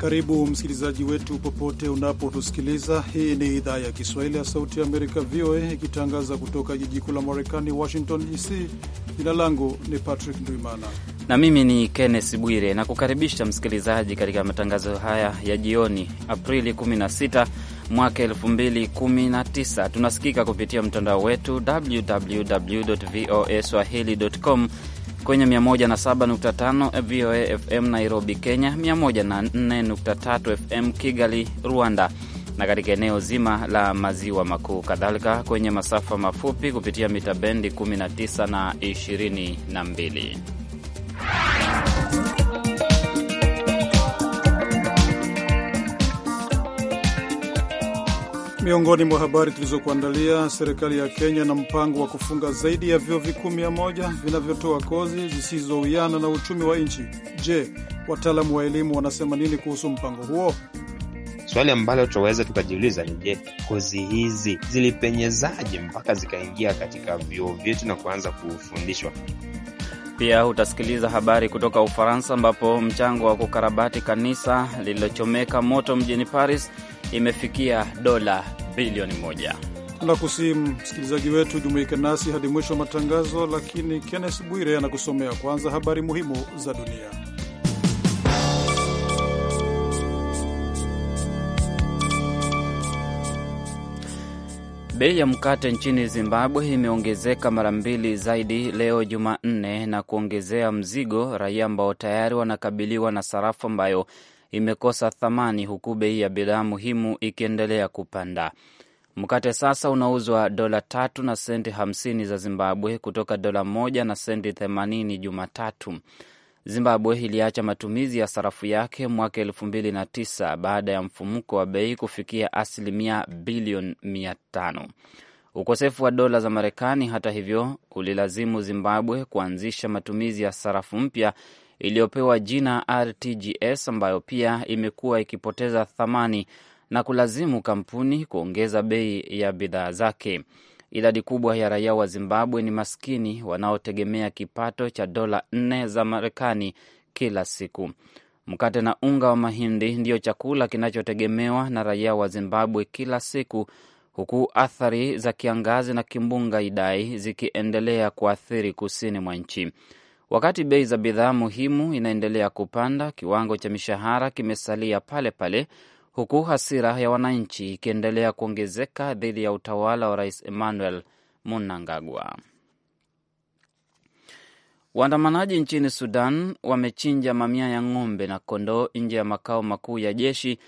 Karibu msikilizaji wetu popote unapotusikiliza. Hii ni idhaa ya Kiswahili ya Sauti ya Amerika, VOA, ikitangaza kutoka jiji kuu la Marekani, Washington DC. Jina langu ni Patrick Ndwimana na mimi ni Kenneth Bwire, na kukaribisha msikilizaji katika matangazo haya ya jioni, Aprili 16 mwaka 2019. Tunasikika kupitia mtandao wetu www voa swahili.com kwenye 107.5 VOA FM Nairobi, Kenya, 104.3 FM Kigali, Rwanda, na katika eneo zima la maziwa makuu, kadhalika kwenye masafa mafupi kupitia mita bendi 19 na 22. Miongoni mwa habari tulizokuandalia, serikali ya Kenya na mpango wa kufunga zaidi ya vyuo vikuu mia moja vinavyotoa kozi zisizowiana na uchumi wa nchi. Je, wataalamu wa elimu wanasema nini kuhusu mpango huo? Swali ambalo tunaweza tukajiuliza ni je, kozi hizi zilipenyezaje mpaka zikaingia katika vyuo vyetu na kuanza kufundishwa? Pia utasikiliza habari kutoka Ufaransa ambapo mchango wa kukarabati kanisa lililochomeka moto mjini Paris imefikia dola bilioni moja. Tunakusihi msikilizaji wetu, jumuike nasi hadi mwisho wa matangazo, lakini Kennes Bwire anakusomea kwanza habari muhimu za dunia. Bei ya mkate nchini Zimbabwe imeongezeka mara mbili zaidi leo Jumanne na kuongezea mzigo raia ambao tayari wanakabiliwa na sarafu ambayo imekosa thamani huku bei ya bidhaa muhimu ikiendelea kupanda. Mkate sasa unauzwa dola tatu na senti hamsini za Zimbabwe kutoka dola moja na senti themanini Jumatatu. Zimbabwe iliacha matumizi ya sarafu yake mwaka elfu mbili na tisa baada ya mfumuko wa bei kufikia asilimia bilioni mia tano. Ukosefu wa dola za Marekani, hata hivyo, ulilazimu Zimbabwe kuanzisha matumizi ya sarafu mpya iliyopewa jina RTGS ambayo pia imekuwa ikipoteza thamani na kulazimu kampuni kuongeza bei ya bidhaa zake. Idadi kubwa ya raia wa Zimbabwe ni maskini wanaotegemea kipato cha dola nne za Marekani kila siku. Mkate na unga wa mahindi ndiyo chakula kinachotegemewa na raia wa Zimbabwe kila siku, huku athari za kiangazi na kimbunga Idai zikiendelea kuathiri kusini mwa nchi. Wakati bei za bidhaa muhimu inaendelea kupanda, kiwango cha mishahara kimesalia pale pale, huku hasira ya wananchi ikiendelea kuongezeka dhidi ya utawala wa Rais Emmanuel Mnangagwa. Waandamanaji nchini Sudan wamechinja mamia ya ng'ombe na kondoo nje ya makao makuu ya jeshi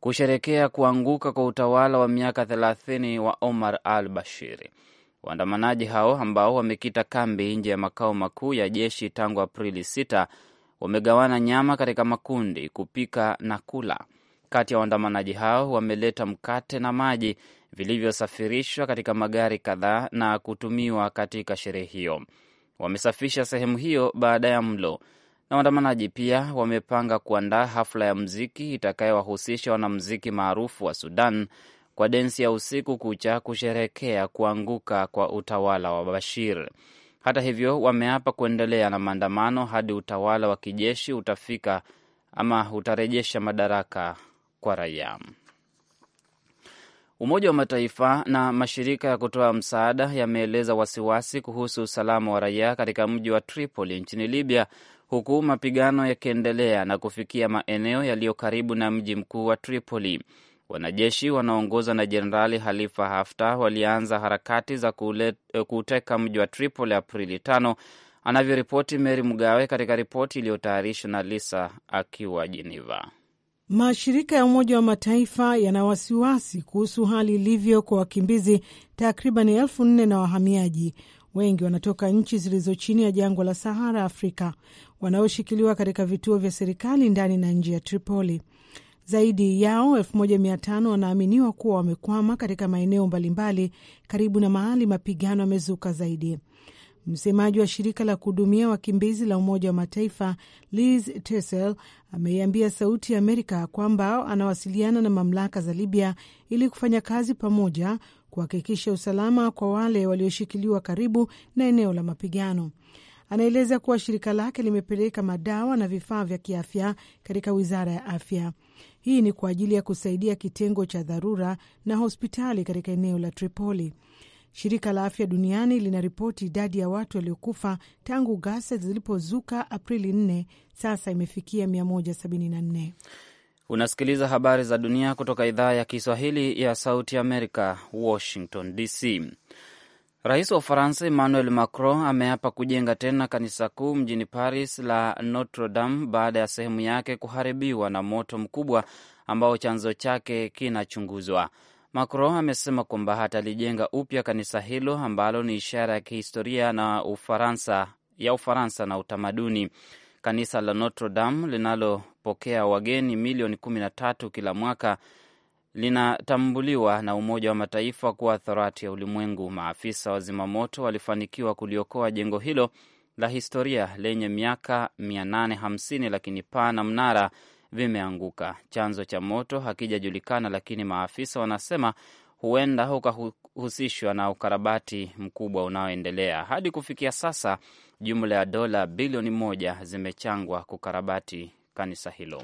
kusherekea kuanguka kwa utawala wa miaka 30 wa Omar al bashiri Waandamanaji hao ambao wamekita kambi nje ya makao makuu ya jeshi tangu Aprili 6 wamegawana nyama katika makundi kupika na kula. Kati ya waandamanaji hao wameleta mkate na maji vilivyosafirishwa katika magari kadhaa na kutumiwa katika sherehe hiyo. Wamesafisha sehemu hiyo baada ya mlo, na waandamanaji pia wamepanga kuandaa hafla ya mziki itakayowahusisha wanamziki maarufu wa Sudan kwa densi ya usiku kucha kusherekea kuanguka kwa utawala wa Bashir. Hata hivyo, wameapa kuendelea na maandamano hadi utawala wa kijeshi utafika ama utarejesha madaraka kwa raia. Umoja wa Mataifa na mashirika ya kutoa msaada yameeleza wasiwasi kuhusu usalama wa raia katika mji wa Tripoli nchini Libya, huku mapigano yakiendelea na kufikia maeneo yaliyo karibu na mji mkuu wa Tripoli. Wanajeshi wanaoongozwa na Jenerali Halifa Haftar walianza harakati za kuuteka eh, mji wa Tripoli Aprili tano, anavyoripoti Meri Mgawe katika ripoti iliyotayarishwa na Lisa akiwa Jeneva. Mashirika ya Umoja wa Mataifa yana wasiwasi kuhusu hali ilivyo kwa wakimbizi takriban elfu nne na wahamiaji, wengi wanatoka nchi zilizo chini ya jangwa la Sahara, Afrika, wanaoshikiliwa katika vituo vya serikali ndani na nje ya Tripoli. Zaidi yao 1500 wanaaminiwa kuwa wamekwama katika maeneo mbalimbali karibu na mahali mapigano yamezuka zaidi. Msemaji wa shirika la kuhudumia wakimbizi la Umoja wa Mataifa Liz Tessel ameiambia Sauti ya Amerika kwamba anawasiliana na mamlaka za Libya ili kufanya kazi pamoja kuhakikisha usalama kwa wale walioshikiliwa karibu na eneo la mapigano. Anaeleza kuwa shirika lake limepeleka madawa na vifaa vya kiafya katika wizara ya afya. Hii ni kwa ajili ya kusaidia kitengo cha dharura na hospitali katika eneo la Tripoli. Shirika la Afya Duniani linaripoti idadi ya watu waliokufa tangu ghasia zilipozuka Aprili 4 sasa imefikia 174. Unasikiliza habari za dunia kutoka idhaa ya Kiswahili ya Sauti Amerika, Washington DC. Rais wa Ufaransa Emmanuel Macron ameapa kujenga tena kanisa kuu mjini Paris la Notre Dame baada ya sehemu yake kuharibiwa na moto mkubwa ambao chanzo chake kinachunguzwa. Macron amesema kwamba hatalijenga upya kanisa hilo ambalo ni ishara ya kihistoria na Ufaransa ya Ufaransa na utamaduni. Kanisa la Notre Dame linalopokea wageni milioni 13 kila mwaka linatambuliwa na Umoja wa Mataifa kuwa Thorati ya Ulimwengu. Maafisa wa zimamoto walifanikiwa kuliokoa jengo hilo la historia lenye miaka 850 lakini paa na mnara vimeanguka. Chanzo cha moto hakijajulikana, lakini maafisa wanasema huenda ukahusishwa na ukarabati mkubwa unaoendelea. Hadi kufikia sasa, jumla ya dola bilioni moja zimechangwa kukarabati kanisa hilo.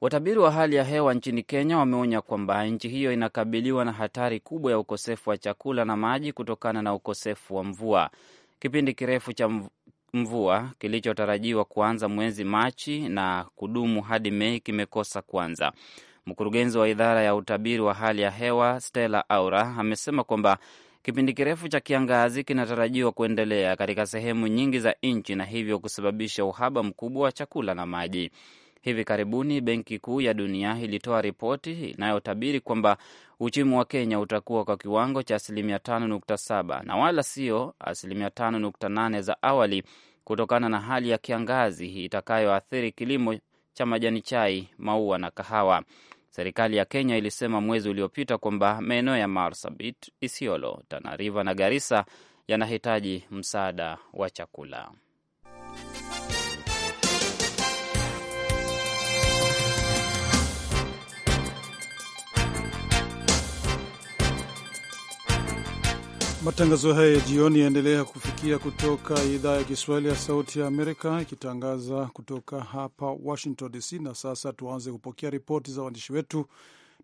Watabiri wa hali ya hewa nchini Kenya wameonya kwamba nchi hiyo inakabiliwa na hatari kubwa ya ukosefu wa chakula na maji kutokana na ukosefu wa mvua. Kipindi kirefu cha mvua kilichotarajiwa kuanza mwezi Machi na kudumu hadi Mei kimekosa kuanza. Mkurugenzi wa idara ya utabiri wa hali ya hewa Stella Aura amesema kwamba kipindi kirefu cha kiangazi kinatarajiwa kuendelea katika sehemu nyingi za nchi na hivyo kusababisha uhaba mkubwa wa chakula na maji. Hivi karibuni Benki Kuu ya Dunia ilitoa ripoti inayotabiri kwamba uchumi wa Kenya utakuwa kwa kiwango cha asilimia 5.7 na wala sio asilimia 5.8 za awali kutokana na hali ya kiangazi itakayoathiri kilimo cha majani chai, maua na kahawa. Serikali ya Kenya ilisema mwezi uliopita kwamba maeneo ya Marsabit, Isiolo, Tana River na Garissa yanahitaji msaada wa chakula. Matangazo haya ya jioni yaendelea kufikia kutoka idhaa ya Kiswahili ya Sauti ya Amerika ikitangaza kutoka hapa Washington DC. Na sasa tuanze kupokea ripoti za waandishi wetu,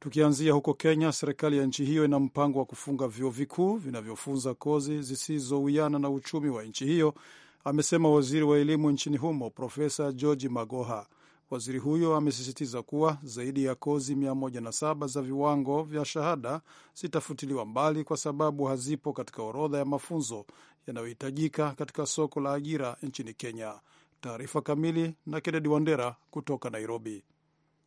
tukianzia huko Kenya. Serikali ya nchi hiyo ina mpango wa kufunga vyuo vikuu vinavyofunza kozi zisizowiana na uchumi wa nchi hiyo, amesema waziri wa elimu nchini humo Profesa George Magoha. Waziri huyo amesisitiza kuwa zaidi ya kozi 107 za viwango vya shahada zitafutiliwa mbali kwa sababu hazipo katika orodha ya mafunzo yanayohitajika katika soko la ajira nchini Kenya. Taarifa kamili na Kennedy Wandera kutoka Nairobi.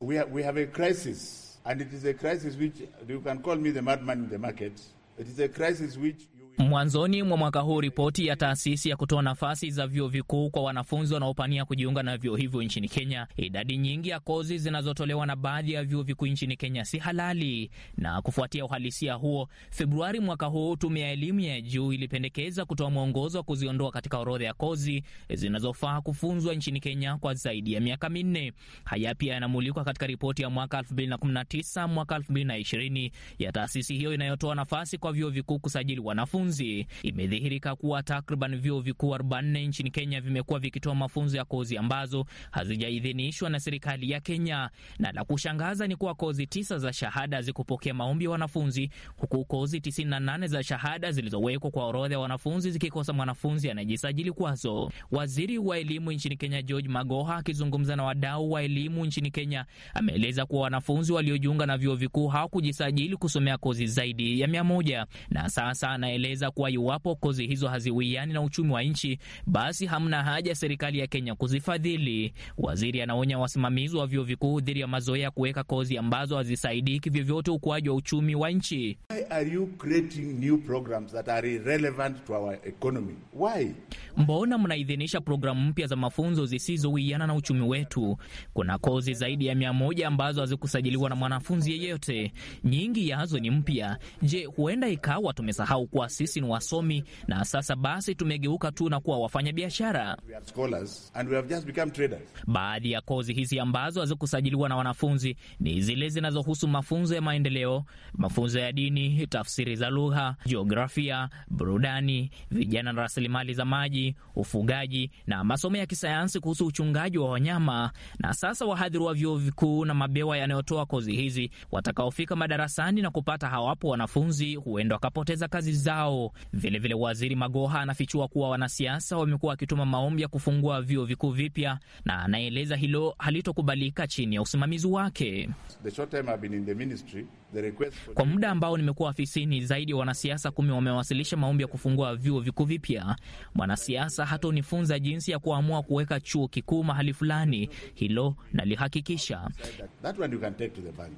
We have, we have a crisis and it is a crisis which you can call me the madman in the market. It is a crisis which Mwanzoni mwa mwaka huu ripoti ya taasisi ya kutoa nafasi za vyuo vikuu kwa wanafunzi wanaopania kujiunga na vyuo hivyo nchini Kenya, idadi nyingi ya kozi zinazotolewa na baadhi ya vyuo vikuu nchini Kenya si halali. Na kufuatia uhalisia huo, Februari mwaka huu tume ya elimu ya juu ilipendekeza kutoa mwongozo wa kuziondoa katika orodha ya kozi zinazofaa kufunzwa nchini Kenya kwa zaidi ya miaka minne. Haya pia yanamulikwa katika ripoti ya mwaka 2019 mwaka 2020 ya taasisi hiyo inayotoa nafasi kwa vyuo vikuu kusajili wanafunzi wanafunzi. Imedhihirika kuwa takriban vyuo vikuu 44 nchini Kenya vimekuwa vikitoa mafunzo ya kozi ambazo hazijaidhinishwa na serikali ya Kenya, na la kushangaza ni kuwa kozi tisa za shahada hazikupokea maombi ya wanafunzi, huku kozi 98 za shahada zilizowekwa kwa orodha ya wanafunzi zikikosa mwanafunzi anayejisajili kwazo. Waziri wa elimu nchini Kenya George Magoha akizungumza na wadau wa elimu nchini Kenya ameeleza kuwa wanafunzi waliojiunga na vyuo vikuu hawakujisajili kusomea kozi zaidi ya mia moja na sasa anaeleza akaeleza kuwa iwapo kozi hizo haziwiani na uchumi wa nchi, basi hamna haja serikali ya Kenya kuzifadhili. Waziri anaonya wasimamizi wa vyuo vikuu dhidi ya mazoea ya kuweka kozi ambazo hazisaidii kivyovyote ukuaji wa uchumi wa nchi. Mbona mnaidhinisha programu mpya za mafunzo zisizowiana na uchumi wetu? Kuna kozi zaidi ya mia moja ambazo hazikusajiliwa na mwanafunzi yeyote, nyingi yazo ni mpya. Je, huenda ikawa tumesahau kuwasi sisi ni wasomi na sasa basi tumegeuka tu na kuwa wafanyabiashara. Baadhi ya kozi hizi ambazo hazikusajiliwa na wanafunzi ni zile zinazohusu mafunzo ya maendeleo, mafunzo ya dini, tafsiri za lugha, jiografia, burudani, vijana na rasilimali za maji, ufugaji na masomo ya kisayansi kuhusu uchungaji wa wanyama. Na sasa wahadhiri wa vyuo vikuu na mabewa yanayotoa kozi hizi watakaofika madarasani na kupata hawapo wanafunzi, huenda wakapoteza kazi zao yao. Vilevile vile waziri Magoha anafichua kuwa wanasiasa wamekuwa wakituma maombi ya kufungua vyuo vikuu vipya, na anaeleza hilo halitokubalika chini ya usimamizi wake. The short time I've been in the ministry. Kwa muda ambao nimekuwa afisini, zaidi ya wanasiasa kumi wamewasilisha maombi ya kufungua vyuo vikuu vipya. Mwanasiasa hatonifunza jinsi ya kuamua kuweka chuo kikuu mahali fulani, hilo nalihakikisha.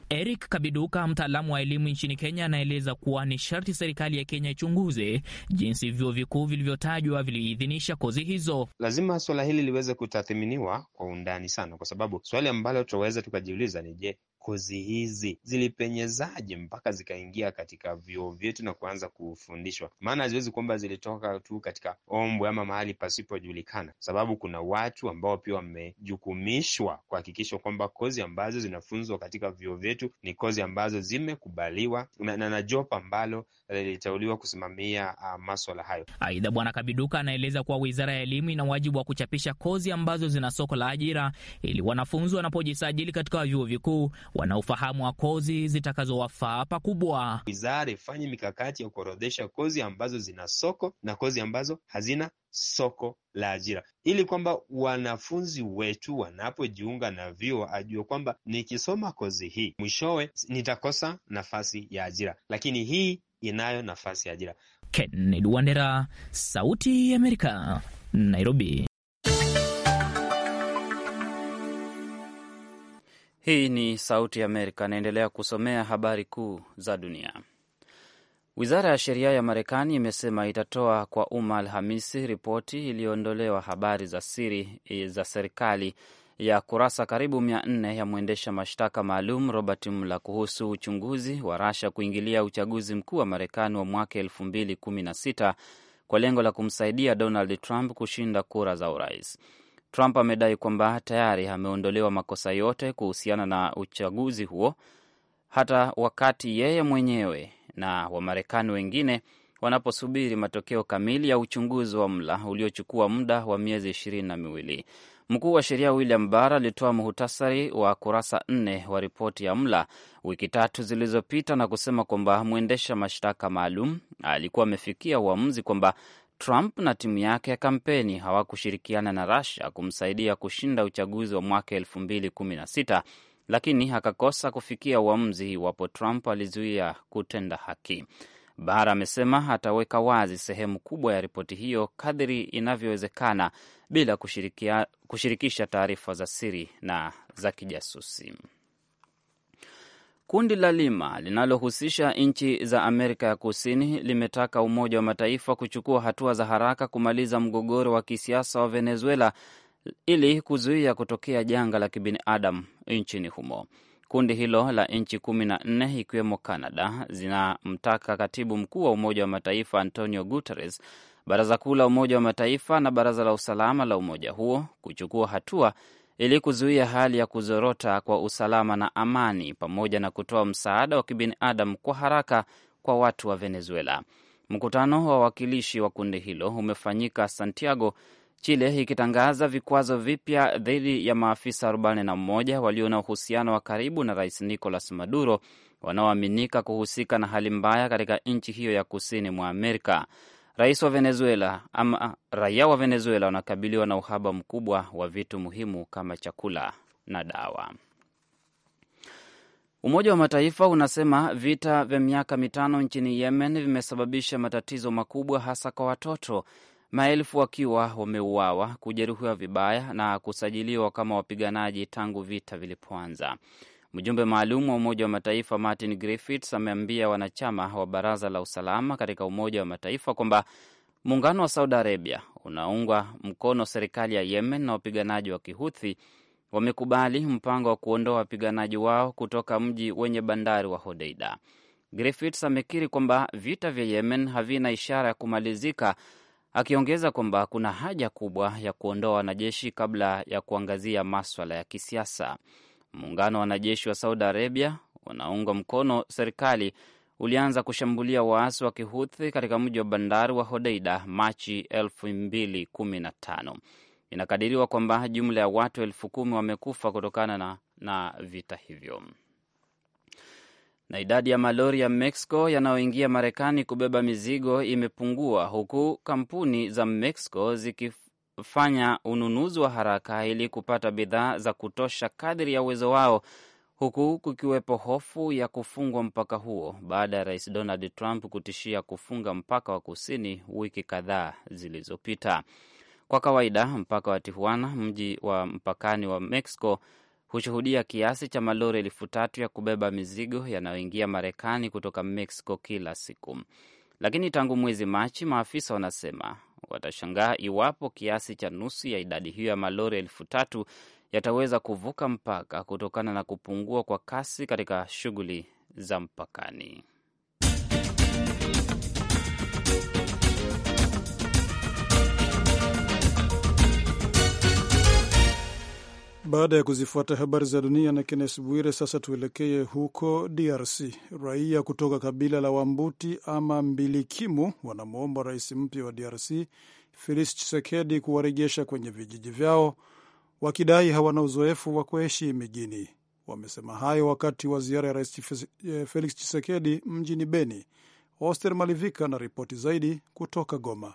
Eric Kabiduka, mtaalamu wa elimu nchini Kenya, anaeleza kuwa ni sharti serikali ya Kenya ichunguze jinsi vyuo vikuu vilivyotajwa viliidhinisha kozi hizo. Lazima swala hili liweze kutathiminiwa kwa undani sana, kwa sababu swali ambalo tunaweza tukajiuliza ni je, kozi hizi zilipenyezaje mpaka zikaingia katika vyuo vyetu na kuanza kufundishwa? Maana haziwezi kwamba zilitoka tu katika ombwe ama mahali pasipojulikana, sababu kuna watu ambao pia wamejukumishwa kuhakikisha kwamba kozi ambazo zinafunzwa katika vyuo vyetu ni kozi ambazo zimekubaliwa na, na, na ambalo liliteuliwa kusimamia uh, maswala hayo. Aidha, Bwana Kabiduka anaeleza kuwa wizara ya elimu ina wajibu wa kuchapisha kozi ambazo zina soko la ajira ili wanafunzi wanapojisajili katika vyuo vikuu wanaofahamu wa kozi zitakazowafaa pakubwa. Wizara ifanye mikakati ya kuorodhesha kozi ambazo zina soko na kozi ambazo hazina soko la ajira, ili kwamba wanafunzi wetu wanapojiunga na vyuo ajue kwamba nikisoma kozi hii mwishowe nitakosa nafasi ya ajira, lakini hii inayo nafasi ya ajira. Kennedy Wandera, Sauti ya Amerika, Nairobi. Hii ni Sauti Amerika, naendelea kusomea habari kuu za dunia. Wizara ya sheria ya Marekani imesema itatoa kwa umma Alhamisi ripoti iliyoondolewa habari za siri eh, za serikali ya kurasa karibu mia nne ya mwendesha mashtaka maalum Robert Mueller kuhusu uchunguzi wa Rasha kuingilia uchaguzi mkuu wa Marekani wa mwaka elfu mbili kumi na sita kwa lengo la kumsaidia Donald Trump kushinda kura za urais. Trump amedai kwamba tayari ameondolewa makosa yote kuhusiana na uchaguzi huo, hata wakati yeye mwenyewe na Wamarekani wengine wanaposubiri matokeo kamili ya uchunguzi wa mla uliochukua muda wa miezi ishirini na miwili. Mkuu wa sheria William Barr alitoa muhutasari wa kurasa nne wa ripoti ya mla wiki tatu zilizopita na kusema kwamba mwendesha mashtaka maalum alikuwa amefikia uamuzi kwamba Trump na timu yake ya kampeni hawakushirikiana na rasia kumsaidia kushinda uchaguzi wa mwaka elfu mbili kumi na sita lakini akakosa kufikia uamuzi iwapo Trump alizuia kutenda haki. Bara amesema ataweka wazi sehemu kubwa ya ripoti hiyo kadri inavyowezekana bila kushirikisha taarifa za siri na za kijasusi. Kundi la Lima linalohusisha nchi za Amerika ya Kusini limetaka Umoja wa Mataifa kuchukua hatua za haraka kumaliza mgogoro wa kisiasa wa Venezuela ili kuzuia kutokea janga la kibinadamu nchini humo. Kundi hilo la nchi kumi na nne ikiwemo Canada zinamtaka katibu mkuu wa Umoja wa Mataifa Antonio Guterres, Baraza Kuu la Umoja wa Mataifa na Baraza la Usalama la umoja huo kuchukua hatua ili kuzuia hali ya kuzorota kwa usalama na amani pamoja na kutoa msaada wa kibinadamu kwa haraka kwa watu wa Venezuela. Mkutano wa wawakilishi wa kundi hilo umefanyika Santiago, Chile, ikitangaza vikwazo vipya dhidi ya maafisa 41 walio na uhusiano wa karibu na Rais Nicolas Maduro wanaoaminika kuhusika na hali mbaya katika nchi hiyo ya kusini mwa Amerika. Rais wa Venezuela ama ah, raia wa Venezuela wanakabiliwa na uhaba mkubwa wa vitu muhimu kama chakula na dawa. Umoja wa Mataifa unasema vita vya miaka mitano nchini Yemen vimesababisha matatizo makubwa, hasa kwa watoto, maelfu wakiwa wameuawa, kujeruhiwa vibaya na kusajiliwa kama wapiganaji tangu vita vilipoanza. Mjumbe maalum wa Umoja wa Mataifa Martin Griffiths ameambia wanachama wa Baraza la Usalama katika Umoja wa Mataifa kwamba muungano wa Saudi Arabia unaungwa mkono serikali ya Yemen na wapiganaji wa Kihuthi wamekubali mpango wa kuondoa wapiganaji wao kutoka mji wenye bandari wa Hodeida. Griffiths amekiri kwamba vita vya Yemen havina ishara ya kumalizika, akiongeza kwamba kuna haja kubwa ya kuondoa wanajeshi kabla ya kuangazia maswala ya kisiasa. Muungano wa wanajeshi wa Saudi Arabia unaungwa mkono serikali ulianza kushambulia waasi wa kihuthi katika mji wa bandari wa Hodeida Machi 2015. Inakadiriwa kwamba jumla ya watu elfu kumi wamekufa kutokana na, na vita hivyo. Na idadi ya malori ya Mexico yanayoingia Marekani kubeba mizigo imepungua huku kampuni za Mexico ziki fanya ununuzi wa haraka ili kupata bidhaa za kutosha kadri ya uwezo wao, huku kukiwepo hofu ya kufungwa mpaka huo baada ya rais Donald Trump kutishia kufunga mpaka wa kusini wiki kadhaa zilizopita. Kwa kawaida mpaka wa Tijuana, mji wa mpakani wa Mexico, hushuhudia kiasi cha malori elfu tatu ya kubeba mizigo yanayoingia Marekani kutoka Mexico kila siku, lakini tangu mwezi Machi maafisa wanasema watashangaa iwapo kiasi cha nusu ya idadi hiyo ya malori elfu tatu yataweza kuvuka mpaka kutokana na kupungua kwa kasi katika shughuli za mpakani. Baada ya kuzifuata habari za dunia na Kennes Bwire, sasa tuelekee huko DRC. Raia kutoka kabila la Wambuti ama Mbilikimu wanamwomba rais mpya wa DRC Felix Tshisekedi kuwarejesha kwenye vijiji vyao, wakidai hawana uzoefu wa kuishi mijini. Wamesema hayo wakati wa ziara ya rais eh, Felix Tshisekedi mjini Beni. Oster Malivika na ripoti zaidi kutoka Goma.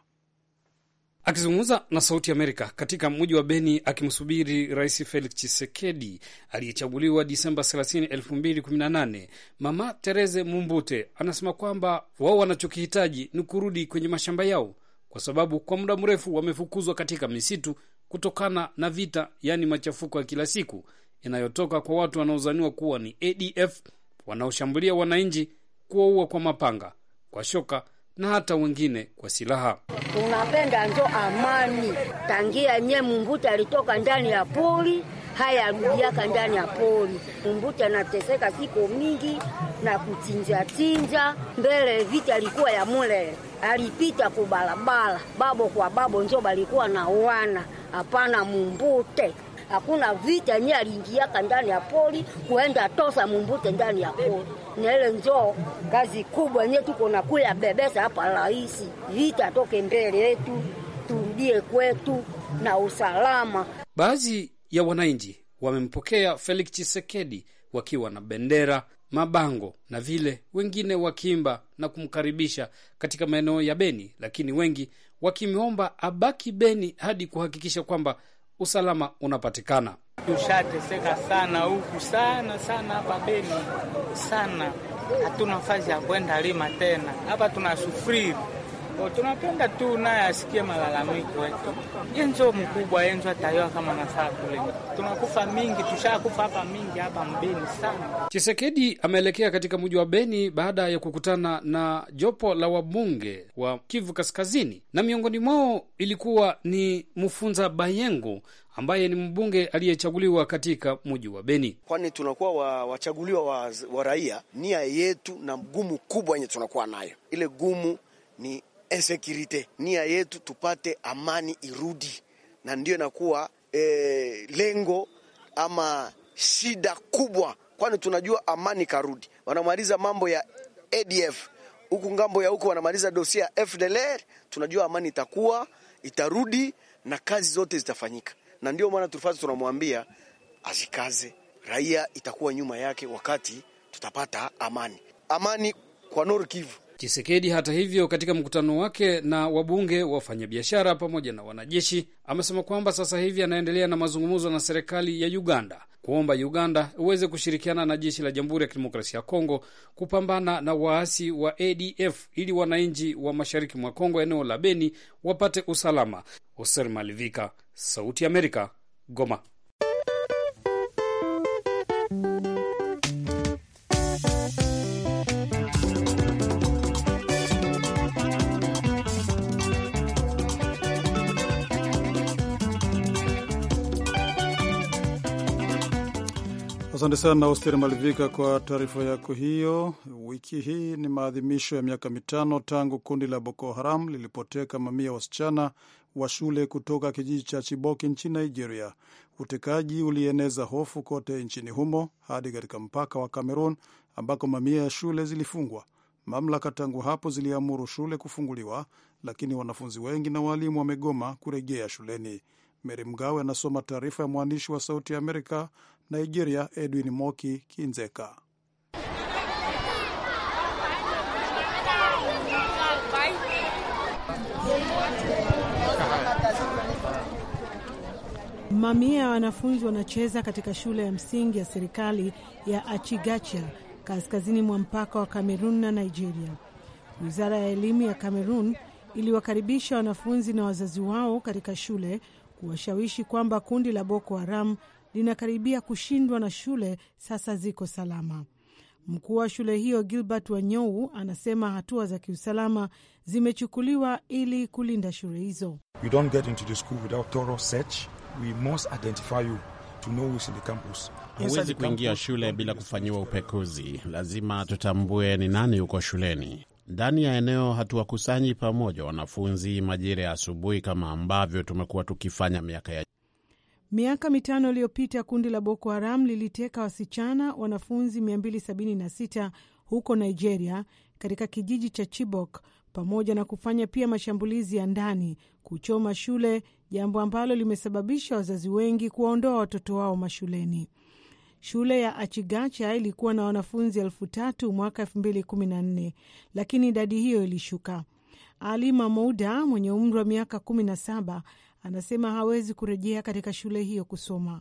Akizungumza na Sauti Amerika katika mji wa Beni akimsubiri Rais Felix chisekedi aliyechaguliwa Disemba 30, 2018, Mama Tereze Mumbute anasema kwamba wao wanachokihitaji ni kurudi kwenye mashamba yao, kwa sababu kwa muda mrefu wamefukuzwa katika misitu kutokana na vita, yaani machafuko ya kila siku inayotoka kwa watu wanaozaniwa kuwa ni ADF wanaoshambulia wananchi, kuwaua kwa mapanga, kwa shoka na hata wengine kwa silaha. Tunapenda njo amani, tangia nye Mumbuti alitoka ndani ya pori, haya arudiaka ndani ya pori. Mumbuti anateseka siku mingi na kuchinjachinja, mbele vita alikuwa ya mule alipita kubalabala, babo kwa babo njo balikuwa na wana hapana. Mumbute hakuna vita nye aliingiaka ndani ya pori kuenda tosa Mumbute ndani ya pori na ile njoo kazi kubwa nye tuko na kula bebesa hapa rahisi, vita toke mbele yetu, turudie kwetu na usalama. Baadhi ya wananchi wamempokea Felix Chisekedi wakiwa na bendera, mabango na vile wengine wakiimba na kumkaribisha katika maeneo ya Beni, lakini wengi wakimwomba abaki Beni hadi kuhakikisha kwamba usalama unapatikana. Tushateseka sana huku sana sana, hapa Beni sana, hatuna nafasi ya kwenda lima tena, hapa tunasufiri tunapenda tu naye asikie malalamiko yetu. Enzo mkubwa enzo atayoa kama nasaa kule, tunakufa mingi, tushakufa hapa mingi hapa mbini sana. Chisekedi ameelekea katika mji wa Beni baada ya kukutana na jopo la wabunge wa Kivu Kaskazini, na miongoni mwao ilikuwa ni Mfunza Bayengo ambaye ni mbunge aliyechaguliwa katika mji wa Beni, kwani tunakuwa wa, wachaguliwa wa, wa raia. Nia yetu na gumu kubwa yenye tunakuwa nayo ile gumu ni insecurity. Nia yetu tupate amani irudi, na ndio inakuwa e, lengo ama shida kubwa, kwani tunajua amani karudi, wanamaliza mambo ya ADF huku ngambo ya huku wanamaliza dosia ya FDLR, tunajua amani itakuwa itarudi na kazi zote zitafanyika, na ndio maana tulifata tunamwambia azikaze raia itakuwa nyuma yake wakati tutapata amani. Amani kwa Nord Kivu Chisekedi, hata hivyo, katika mkutano wake na wabunge, wafanyabiashara pamoja na wanajeshi, amesema kwamba sasa hivi anaendelea na mazungumzo na serikali ya Uganda kuomba Uganda iweze kushirikiana na jeshi la Jamhuri ya Kidemokrasia ya Kongo kupambana na waasi wa ADF ili wananchi wa mashariki mwa Kongo, eneo la Beni, wapate usalama. Hoser Malivika, Sauti ya Amerika, Goma. Asante sana Hosteri Malivika kwa taarifa yako hiyo. Wiki hii ni maadhimisho ya miaka mitano tangu kundi la Boko Haram lilipoteka mamia wasichana wa shule kutoka kijiji cha Chiboki nchini Nigeria. Utekaji ulieneza hofu kote nchini humo hadi katika mpaka wa Cameroon ambako mamia ya shule zilifungwa. Mamlaka tangu hapo ziliamuru shule kufunguliwa, lakini wanafunzi wengi na waalimu wamegoma kurejea shuleni. Meri Mgawe anasoma taarifa ya mwandishi wa Sauti ya Amerika Nigeria Edwin Moki Kinzeka. Mamia ya wanafunzi wanacheza katika shule ya msingi ya serikali ya Achigacha kaskazini mwa mpaka wa Kamerun na Nigeria. Wizara ya elimu ya Kamerun iliwakaribisha wanafunzi na wazazi wao katika shule kuwashawishi kwamba kundi la Boko Haram linakaribia kushindwa na shule sasa ziko salama. Mkuu wa shule hiyo Gilbert Wanyou anasema hatua za kiusalama zimechukuliwa ili kulinda shule hizo. Huwezi kuingia shule bila kufanyiwa upekuzi. Lazima tutambue ni nani yuko shuleni. Ndani ya eneo hatuwakusanyi pamoja wanafunzi majira ya asubuhi kama ambavyo tumekuwa tukifanya miaka ya Miaka mitano iliyopita kundi la Boko Haram liliteka wasichana wanafunzi 276 huko Nigeria, katika kijiji cha Chibok, pamoja na kufanya pia mashambulizi ya ndani, kuchoma shule, jambo ambalo limesababisha wazazi wengi kuwaondoa watoto wao mashuleni. Shule ya Achigacha ilikuwa na wanafunzi elfu tatu mwaka 2014 lakini idadi hiyo ilishuka ali mamouda mwenye umri wa miaka 17 anasema hawezi kurejea katika shule hiyo kusoma.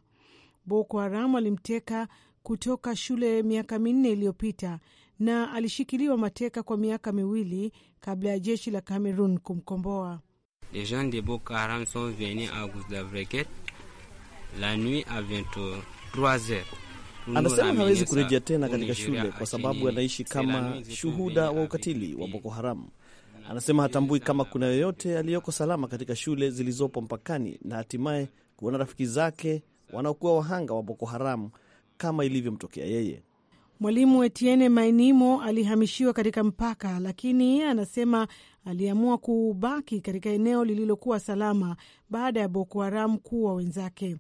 Boko Haram alimteka kutoka shule miaka minne iliyopita na alishikiliwa mateka kwa miaka miwili kabla ya jeshi la Cameroon kumkomboa. Anasema hawezi kurejea tena katika shule kwa sababu anaishi kama shuhuda wa ukatili wa Boko Haram. Anasema hatambui kama kuna yoyote aliyoko salama katika shule zilizopo mpakani na hatimaye kuona rafiki zake wanaokuwa wahanga wa Boko haramu kama ilivyomtokea yeye. Mwalimu Etiene Mainimo alihamishiwa katika mpaka, lakini anasema aliamua kubaki katika eneo lililokuwa salama baada ya Boko Haram kuwa wenzake.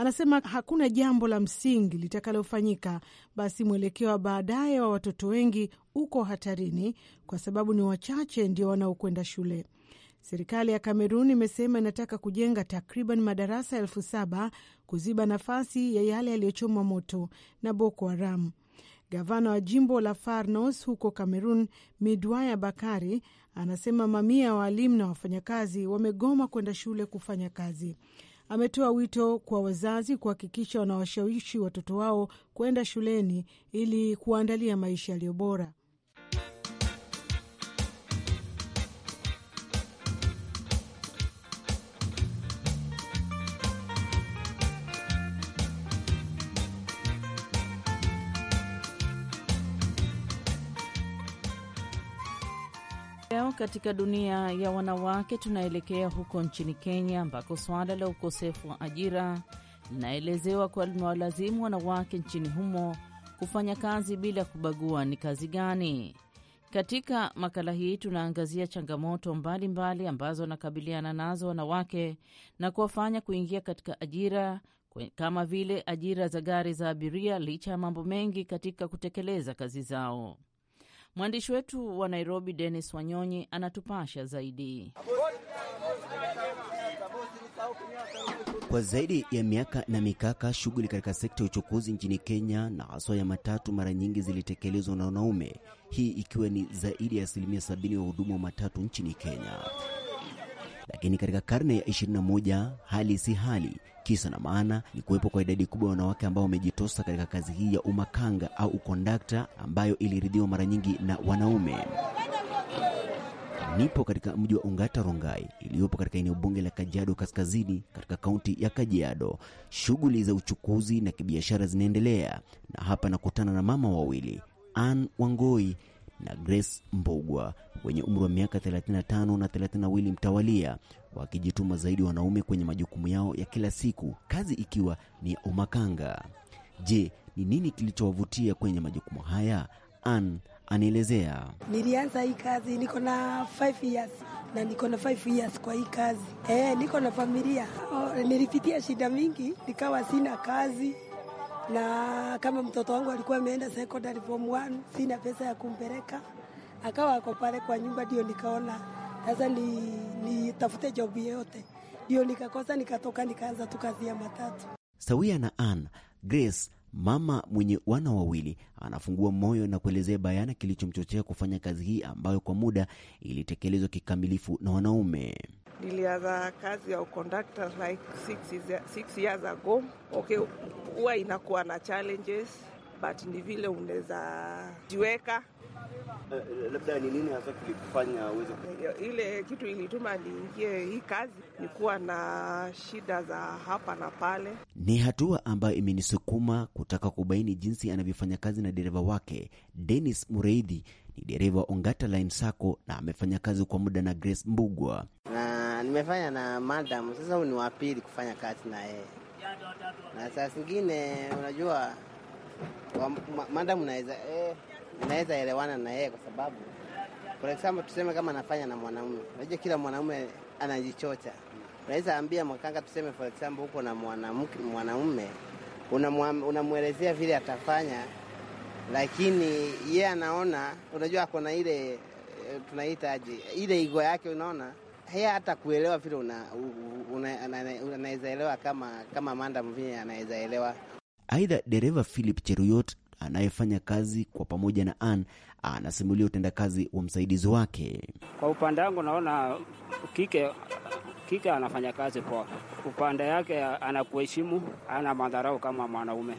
Anasema hakuna jambo la msingi litakalofanyika, basi mwelekeo wa baadaye wa watoto wengi uko hatarini, kwa sababu ni wachache ndio wanaokwenda shule. Serikali ya Kamerun imesema inataka kujenga takriban madarasa elfu saba kuziba nafasi ya yale yaliyochomwa moto na Boko Haram. Gavana wa jimbo la Farnos huko Kamerun, Midwaya Bakari, anasema mamia ya waalimu na wafanyakazi wamegoma kwenda shule kufanya kazi ametoa wito kwa wazazi kuhakikisha wanawashawishi watoto wao kwenda shuleni ili kuwaandalia maisha yaliyo bora. katika dunia ya wanawake, tunaelekea huko nchini Kenya ambako suala la ukosefu wa ajira linaelezewa kuwa limewalazimu wanawake nchini humo kufanya kazi bila kubagua ni kazi gani. Katika makala hii tunaangazia changamoto mbalimbali mbali ambazo wanakabiliana nazo wanawake na kuwafanya kuingia katika ajira kama vile ajira za gari za abiria, licha ya mambo mengi katika kutekeleza kazi zao. Mwandishi wetu wa Nairobi, Denis Wanyonyi, anatupasha zaidi. Kwa zaidi ya miaka na mikaka, shughuli katika sekta ya uchukuzi nchini Kenya na haswa ya matatu mara nyingi zilitekelezwa na wanaume, hii ikiwa ni zaidi ya asilimia sabini wa huduma wa matatu nchini Kenya. Lakini katika karne ya 21 hali si hali, Kisa na maana ni kuwepo kwa idadi kubwa ya wanawake ambao wamejitosa katika kazi hii ya umakanga au ukondakta ambayo iliridhiwa mara nyingi na wanaume. Nipo katika mji wa ungata Rongai iliyopo katika eneo bunge la Kajiado Kaskazini katika kaunti ya Kajiado. Shughuli za uchukuzi na kibiashara zinaendelea, na hapa nakutana na mama wawili, Ann Wangoi na Grace Mbogwa wenye umri wa miaka 35 na 32 mtawalia, wakijituma zaidi wanaume kwenye majukumu yao ya kila siku, kazi ikiwa ni ya umakanga. Je, ni nini kilichowavutia kwenye majukumu haya? An anaelezea. Nilianza hii kazi niko na 5 years na niko na 5 years kwa hii kazi. E, niko na familia. Oh, nilipitia shida mingi, nikawa sina kazi na kama mtoto wangu alikuwa ameenda secondary form 1 sina pesa ya kumpeleka, akawa ako pale kwa nyumba, ndio nikaona sasa nitafute ni job yote, ndio nikakosa, nikatoka, nikaanza tu kazi ya matatu. Sawia na Ann Grace, mama mwenye wana wawili, anafungua moyo na kuelezea bayana kilichomchochea kufanya kazi hii ambayo kwa muda ilitekelezwa kikamilifu na wanaume nilianza kazi ya ukondakta like six, six years ago. Okay, huwa inakuwa na challenges but ni vile unaweza jiweka. Uh, labda ni nini hasa kilikufanya uweze ile kitu ilituma niingie hii kazi? Ni kuwa na shida za hapa na pale. Ni hatua ambayo imenisukuma kutaka kubaini jinsi anavyofanya kazi na dereva wake Dennis Mureidhi. Ni dereva Ongata Line Sacco na amefanya kazi kwa muda na Grace Mbugwa na nimefanya na madam, sasa huu ni wa pili kufanya kazi na yeye, na saa zingine unajua madam naweza eh, naweza elewana na yeye kwa sababu for example tuseme kama anafanya na mwanaume, unajua kila mwanaume anajichocha. Unaweza ambia makanga, tuseme for example huko na mwanamke mwanaume, unamwelezea vile atafanya, lakini yeye anaona, unajua ako na ile eh, tunaitaje, ile igo yake, unaona hea hata kuelewa vile anawezaelewa kama, kama Manda Mvinyi anaweza Aidha, dereva Philip Cheruyot anayefanya kazi kwa pamoja na Ann anasimulia utendakazi wa msaidizi wake. Kwa upande wangu naona kike kike anafanya kazi poa, upande yake anakuheshimu, ana madharau kama mwanaume.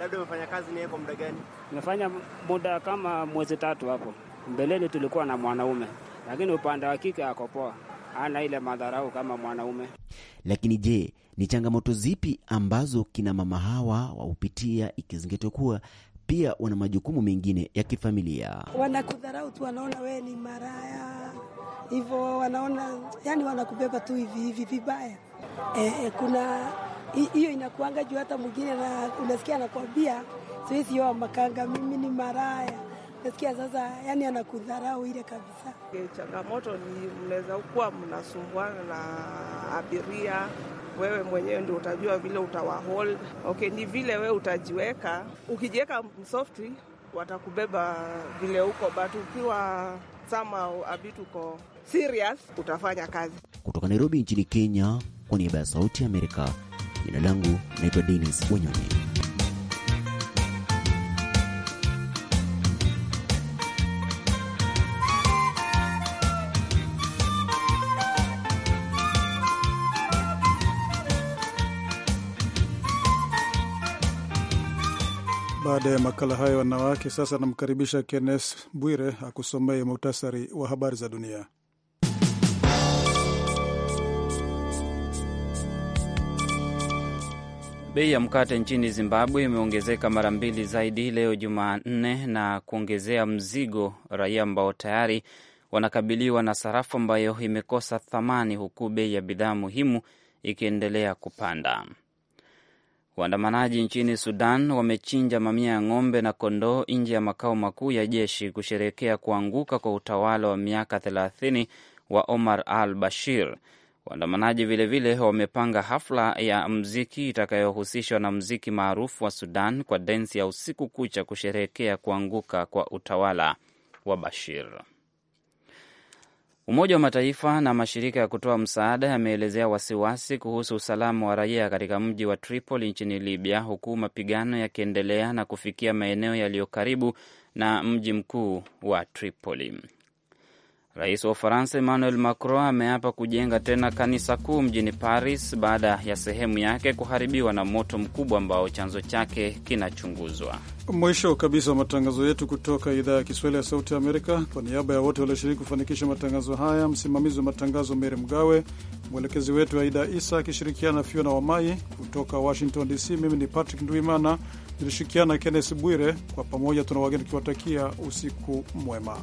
Labda umefanya kazi naye kwa muda gani? Nimefanya muda kama mwezi tatu hapo. Mbeleni tulikuwa na mwanaume, lakini upande wa kike ako poa hana ile madharau kama mwanaume. Lakini je, ni changamoto zipi ambazo kina mama hawa waupitia ikizingatiwa kuwa pia wana majukumu mengine ya kifamilia? Wanakudharau tu, wanaona wewe ni maraya hivyo, wanaona yani, wanakubeba tu hivi hivi vibaya. E, kuna hiyo inakuanga juu, hata mwingine unasikia anakwambia siwezi oa makanga, mimi ni maraya nasikia sasa, yani anakudharau ile kabisa. Changamoto ni mnaweza kuwa mnasumbuana na abiria wewe mwenyewe ndio utajua vile utawahol Okay, ni vile wewe utajiweka. Ukijiweka msofti watakubeba vile huko, but ukiwa sama abituko serious utafanya kazi. Kutoka Nairobi nchini Kenya, kwa niaba ya Sauti ya Amerika, jina langu naitwa Dennis Wanyoni. Baada ya makala hayo wanawake, sasa anamkaribisha Kennes Bwire akusomee muhtasari wa habari za dunia. Bei ya mkate nchini Zimbabwe imeongezeka mara mbili zaidi leo Jumanne na kuongezea mzigo raia ambao tayari wanakabiliwa na sarafu ambayo imekosa thamani, huku bei ya bidhaa muhimu ikiendelea kupanda. Waandamanaji nchini Sudan wamechinja mamia ya ng'ombe na kondoo nje ya makao makuu ya jeshi kusherekea kuanguka kwa utawala wa miaka 30 wa Omar al Bashir. Waandamanaji vilevile wamepanga hafla ya mziki itakayohusishwa na mziki maarufu wa Sudan kwa densi ya usiku kucha kusherekea kuanguka kwa utawala wa Bashir. Umoja wa Mataifa na mashirika ya kutoa msaada yameelezea wasiwasi kuhusu usalama wa raia katika mji wa Tripoli nchini Libya, huku mapigano yakiendelea na kufikia maeneo yaliyo karibu na mji mkuu wa Tripoli. Rais wa Ufaransa Emmanuel Macron ameapa kujenga tena kanisa kuu mjini Paris baada ya sehemu yake kuharibiwa na moto mkubwa ambao chanzo chake kinachunguzwa. Mwisho kabisa wa matangazo yetu kutoka idhaa ya Kiswahili ya Sauti ya Amerika. Kwa niaba ya wote walioshiriki kufanikisha matangazo haya, msimamizi wa matangazo Mery Mgawe, mwelekezi wetu Aida Isa akishirikiana na Fiona Wamai kutoka Washington DC. Mimi ni Patrick Ndwimana nilishirikiana na Kennes Bwire, kwa pamoja tuna wageni tukiwatakia usiku mwema.